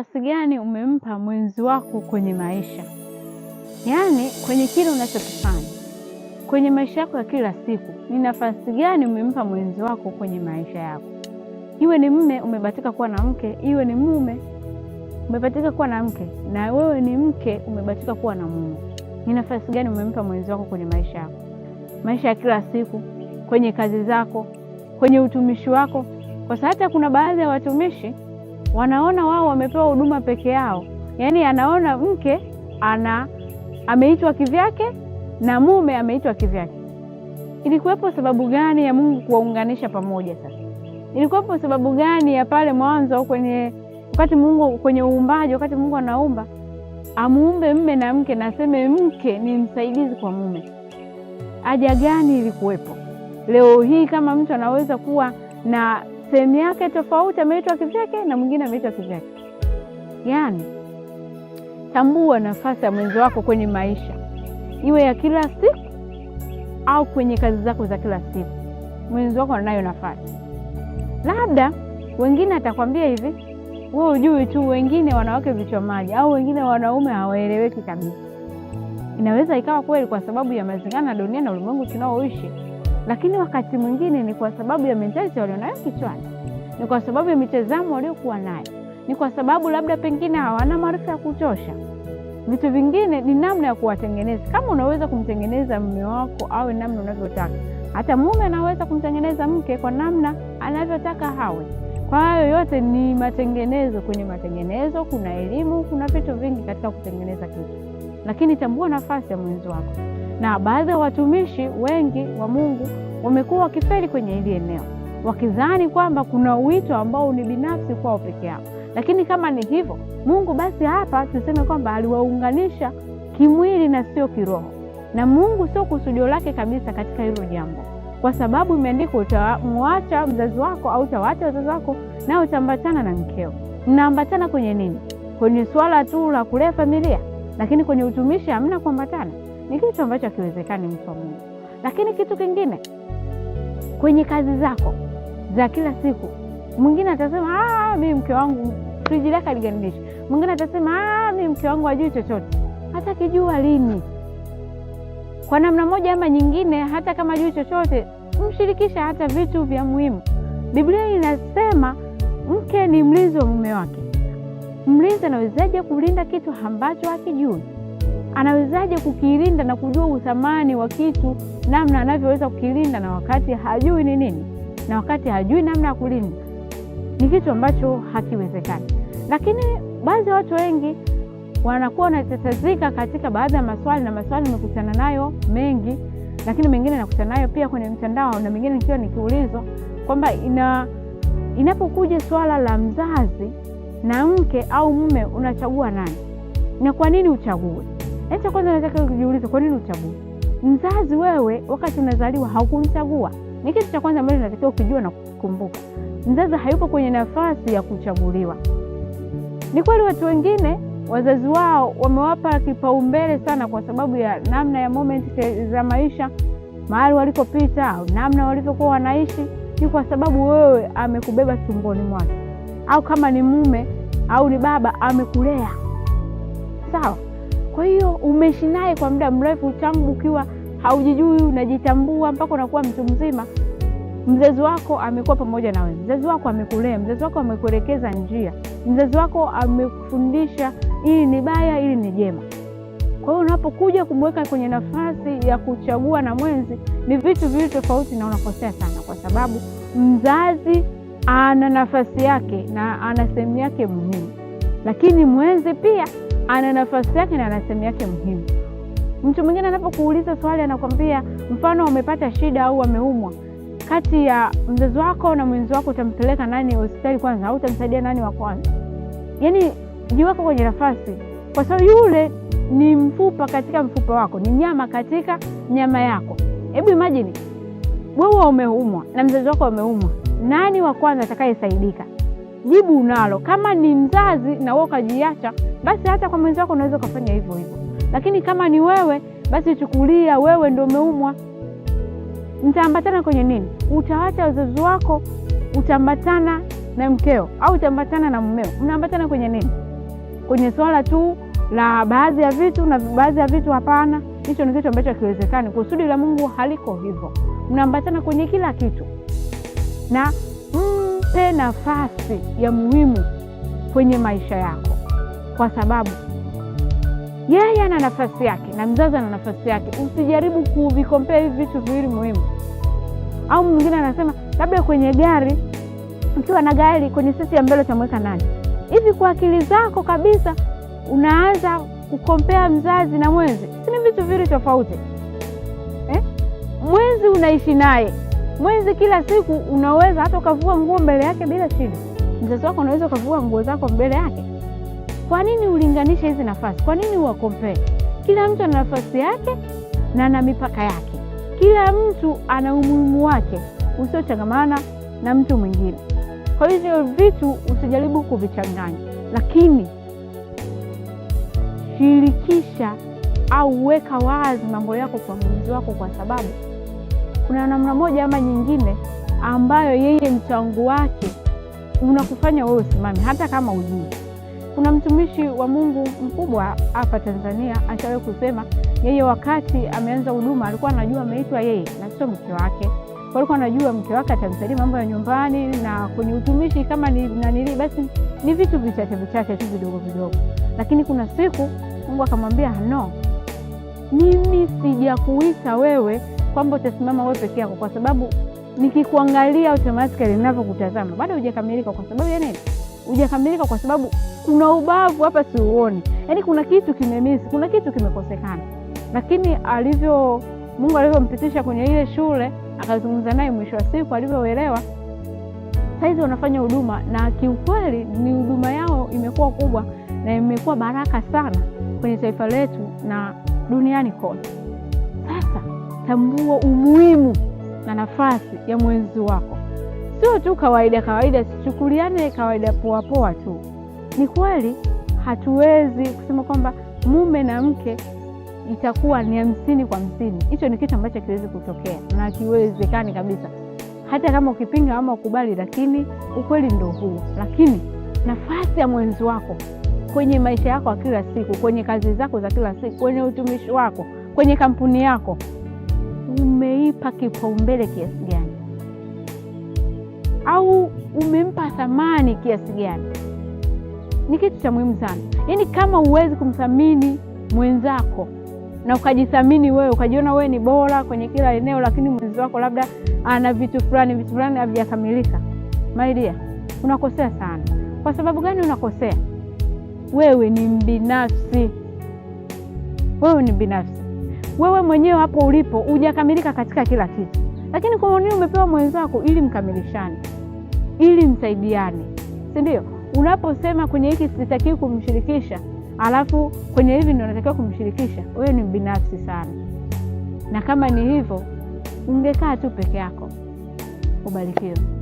nafasi gani umempa mwenzi wako kwenye maisha, yaani kwenye kile unachokifanya kwenye maisha yako ya kila siku. Ni nafasi gani umempa mwenzi wako kwenye maisha yako? Iwe ni mme umebahatika kuwa na mke, iwe ni mume umebahatika kuwa na mke, na wewe ni mke umebahatika kuwa na mume, ni nafasi gani umempa mwenzi wako kwenye maisha yako, maisha ya kila siku, kwenye kazi zako, kwenye utumishi wako, kwa sababu hata kuna baadhi ya watumishi wanaona wao wamepewa huduma peke yao, yaani anaona mke ana ameitwa kivyake na mume ameitwa kivyake. Ilikuwepo sababu gani ya Mungu kuwaunganisha pamoja? Sasa ilikuwepo sababu gani ya pale mwanzo kwenye wakati Mungu kwenye uumbaji, wakati Mungu anaumba amuumbe mme na mke, naseme mke ni msaidizi kwa mume. Haja gani ilikuwepo? Leo hii kama mtu anaweza kuwa na sehemu yake tofauti, ameitwa kivyake na mwingine ameitwa kivyake. Yaani, tambua nafasi ya mwenzi wako kwenye maisha, iwe ya kila siku au kwenye kazi zako za kila siku. Mwenzi wako anayo nafasi. Labda wengine atakwambia hivi, we ujui tu, wengine wanawake vichwa maji, au wengine wanaume hawaeleweki kabisa. Inaweza ikawa kweli, kwa sababu ya mazingira na dunia na ulimwengu tunaoishi lakini wakati mwingine ni kwa sababu ya mentality walionayo kichwani, ni kwa sababu ya mitazamo waliokuwa nayo, ni kwa sababu labda pengine hawana maarifa ya kutosha. Vitu vingine ni namna ya kuwatengeneza. Kama unaweza kumtengeneza mume wako awe namna unavyotaka, hata mume anaweza kumtengeneza mke kwa namna anavyotaka hawe. Kwa hayo yote ni matengenezo. Kwenye matengenezo kuna elimu, kuna vitu vingi katika kutengeneza kitu, lakini tambua nafasi ya mwenzi wako na baadhi ya watumishi wengi wa Mungu wamekuwa wakifeli kwenye hili eneo, wakidhani kwamba kuna wito ambao ni binafsi kwao peke yao. Lakini kama ni hivyo, Mungu basi hapa tuseme kwamba aliwaunganisha kimwili na sio kiroho, na Mungu sio kusudio lake kabisa katika hilo jambo, kwa sababu imeandikwa, utamwacha mzazi wako au utawacha wazazi wako, na utaambatana na mkeo. Mnaambatana kwenye nini? Kwenye swala tu la kulea familia, lakini kwenye utumishi hamna kuambatana ni kitu ambacho hakiwezekani mtu wa Mungu. Lakini kitu kingine, kwenye kazi zako za kila siku, mwingine atasema ah, mi mke wangu friji lake aliganinisha. Mwingine atasema ah, mi mke wangu ajui chochote. Hata kijua lini, kwa namna moja ama nyingine, hata kama ajui chochote, mshirikisha hata vitu vya muhimu. Biblia inasema mke ni mlinzi wa mume wake. Mlinzi anawezaje kulinda kitu ambacho hakijui? anawezaje kukilinda na kujua uthamani wa kitu, namna anavyoweza kukilinda na wakati hajui ni nini, na wakati hajui namna ya kulinda, ni kitu ambacho hakiwezekani. Lakini baadhi ya watu wengi wanakuwa wanatetezika katika baadhi ya maswali, na maswali nimekutana nayo mengi, lakini mengine nakutana nayo pia kwenye mtandao, na mengine nikiwa nikiulizwa kwamba ina inapokuja swala la mzazi na mke au mume, unachagua nani na kwa nini uchague? Acha kwanza, nataka kujiuliza kwa nini uchague mzazi? Wewe wakati unazaliwa haukumchagua. Ni kitu cha kwanza ambacho natakiwa ukijua na kukumbuka, mzazi hayupo kwenye nafasi ya kuchaguliwa. Ni kweli watu wengine wazazi wao wamewapa kipaumbele sana, kwa sababu ya namna ya moment za maisha, mahali walikopita au namna walivyokuwa wanaishi. Ni kwa sababu wewe amekubeba tumboni mwake, au kama ni mume au ni baba, amekulea sawa kwa hiyo umeishi naye kwa muda mrefu, tangu ukiwa haujijui, unajitambua mpaka unakuwa mtu mzima. Mzazi wako amekuwa pamoja na wewe, mzazi wako amekulea, mzazi wako amekuelekeza njia, mzazi wako amekufundisha ili ni baya, ili ni jema. Kwa hiyo unapokuja kumweka kwenye nafasi ya kuchagua na mwenzi, ni vitu viwili tofauti na unakosea sana, kwa sababu mzazi ana nafasi yake na ana sehemu yake muhimu, lakini mwenzi pia ana nafasi yake na ana sehemu yake muhimu. Mtu mwingine anapokuuliza swali anakwambia, mfano amepata shida au ameumwa, kati ya mzazi wako na mwenzi wako utampeleka nani hospitali kwanza, au utamsaidia nani wa kwanza? Yaani jiweka kwenye nafasi, kwa sababu yule ni mfupa katika mfupa wako, ni nyama katika nyama yako. Hebu imajini wewe umeumwa na mzazi wako ameumwa, nani wa kwanza atakayesaidika? Jibu unalo kama ni mzazi, na wewe ukajiacha basi hata kwa mwenzako unaweza ukafanya hivyo hivyo. Lakini kama ni wewe, basi chukulia wewe ndio umeumwa. Mtaambatana kwenye nini? Utawacha wazazi wako, utaambatana na mkeo au utaambatana na mmeo? Mnaambatana kwenye nini? Kwenye swala tu la baadhi ya vitu na baadhi ya vitu hapana. Hicho ni kitu ambacho hakiwezekani. Kusudi la Mungu haliko hivyo, mnaambatana kwenye kila kitu, na mpe nafasi ya muhimu kwenye maisha yako kwa sababu yeye ana nafasi yake na mzazi ana nafasi yake. Usijaribu kuvikompea hivi vitu viwili muhimu. Au mwingine anasema labda kwenye gari, ukiwa na gari kwenye sisi ya mbele utamweka nani? Hivi kwa akili zako kabisa unaanza kukompea mzazi na mwenzi, si ni vitu viwili tofauti eh? Mwenzi unaishi naye, mwenzi kila siku unaweza hata ukavua nguo mbele yake bila shida. Mzazi wako unaweza ukavua nguo zako mbele yake kwa nini ulinganishe hizi nafasi? Kwa nini uwakompee? Kila mtu ana nafasi yake na ana mipaka yake. Kila mtu ana umuhimu wake usiochangamana na mtu mwingine. Kwa hivyo vitu usijaribu kuvichanganya, lakini shirikisha au weka wazi mambo yako kwa mwenzi wako, kwa sababu kuna namna moja ama nyingine ambayo yeye mchango wake unakufanya wewe usimame, hata kama ujui. Kuna mtumishi wa Mungu mkubwa hapa Tanzania ashawahi kusema yeye, wakati ameanza huduma alikuwa anajua ameitwa yeye na sio mke wake, kwa alikuwa anajua mke wake atamsaidia mambo ya nyumbani na kwenye utumishi kama ni nanili, basi ni vitu vichache vichache tu vidogo vidogo, lakini kuna siku Mungu akamwambia no, mimi sijakuita wewe kwamba utasimama wewe peke yako, kwa sababu nikikuangalia automatically ninavyokutazama bado hujakamilika. Kwa sababu ya nini? Hujakamilika kwa sababu kuna ubavu hapa, siuoni. Yaani kuna kitu kimemisi, kuna kitu kimekosekana. Lakini alivyo Mungu alivyompitisha kwenye ile shule, akazungumza naye, mwisho wa siku alivyoelewa, saizi wanafanya huduma, na kiukweli ni huduma yao imekuwa kubwa na imekuwa baraka sana kwenye taifa letu na duniani kote. Sasa tambua umuhimu na nafasi ya mwenzi wako, sio tu kawaida kawaida, sichukuliane kawaida poa poa tu. Ni kweli hatuwezi kusema kwamba mume na mke itakuwa ni hamsini kwa hamsini. Hicho ni kitu ambacho kiwezi kutokea na kiwezekani kabisa, hata kama ukipinga ama ukubali, lakini ukweli ndio huu. Lakini nafasi ya mwenzi wako kwenye maisha yako ya kila siku, kwenye kazi zako za kila siku, kwenye utumishi wako, kwenye kampuni yako, umeipa kipaumbele kiasi gani? Au umempa thamani kiasi gani? ni kitu cha muhimu sana. Yaani kama huwezi kumthamini mwenzako na ukajithamini wewe, ukajiona wewe ni bora kwenye kila eneo, lakini mwenzi wako labda ana vitu fulani, vitu fulani havijakamilika, maidia, unakosea sana. Kwa sababu gani unakosea? Wewe ni mbinafsi, wewe ni binafsi, wewe mwenyewe hapo ulipo hujakamilika katika kila kitu, lakini kwa nini umepewa mwenzako ili mkamilishane, ili msaidiane, si ndio? Unaposema kwenye hiki sitakiwi kumshirikisha, alafu kwenye hivi ndio natakiwa kumshirikisha, wewe ni mbinafsi sana. Na kama ni hivyo, ungekaa tu peke yako. Ubarikiwe.